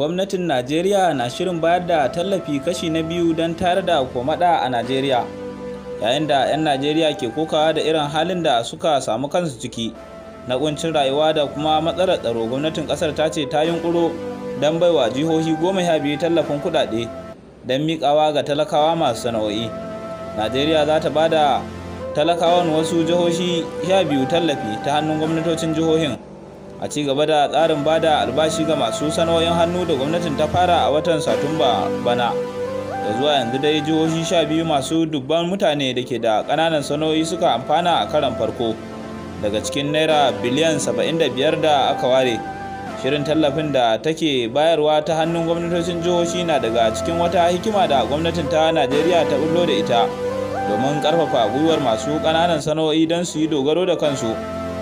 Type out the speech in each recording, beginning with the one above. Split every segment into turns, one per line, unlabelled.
gwamnatin najeriya na shirin bayar da tallafi kashi na biyu don tare da komada a najeriya yayin da 'yan najeriya ke kokawa da irin halin da suka samu kansu ciki na kuncin rayuwa da kuma matsalar tsaro gwamnatin ƙasar ta ce ta yunkuro don baiwa jihohi goma sha biyu tallafin kudade don miƙawa ga talakawa masu sana'o'i najeriya za ta ba da talakawan wasu jihohi sha biyu tallafi ta hannun gwamnatocin jihohin a ci gaba da tsarin bada albashi ga masu sana'o'in hannu da gwamnatin ta fara a watan satumba bana da zuwa yanzu dai jihohi sha biyu masu dubban mutane da ke da ƙananan sana'o'i suka amfana a karan farko daga cikin naira biliyan 75 da aka ware shirin tallafin da take bayarwa ta hannun gwamnatocin jihohi na daga cikin wata hikima da gwamnatin ta najeriya ta bullo da ita domin ƙarfafa gwiwar masu ƙananan sana'o'i don su yi dogaro da kansu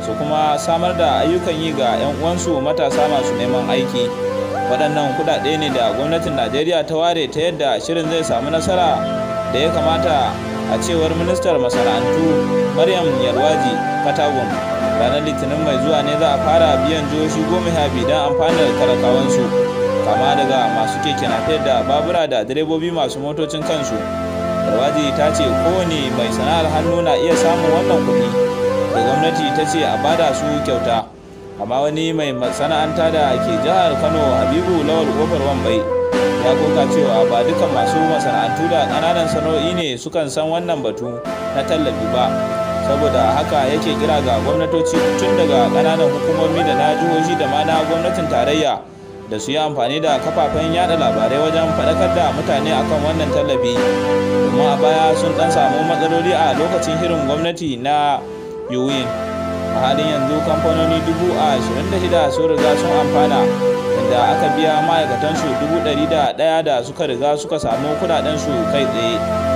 su kuma samar da ayyukan yi ga 'yan uwansu matasa masu neman aiki waɗannan kuɗaɗe ne da gwamnatin najeriya ta ware ta yadda shirin zai samu nasara da ya kamata a cewar ministar masana'antu maryam yalwaji katagun ranar litinin mai zuwa ne za a fara biyan jihohi goma sha biyu don amfanar talakawansu kama daga masu keke afe da babura da direbobi masu motocin kansu yalwaji ta ce kowane mai sana'ar hannu na iya samun wannan kuɗi da gwamnati ta ce a bada su kyauta amma wani mai masana'anta da ke jihar kano habibu lawal kofar wambai ya koka cewa ba duka masu masana'antu da kananan sana'o'i ne sukan san wannan batu na tallafi ba saboda haka yake kira ga gwamnatoci tun daga ƙananan hukumomi da na jihohi da ma na gwamnatin tarayya da su yi amfani da kafafen yada labarai wajen faɗakar da mutane akan wannan tallafi kuma a baya sun ɗan samu matsaloli a lokacin hirin gwamnati na yuwin a halin yanzu kamfanoni dubu ashirin da shida sun riga sun amfana da aka biya ma'aikatan su dubu ɗari da ɗaya da suka riga suka samu su kai tsaye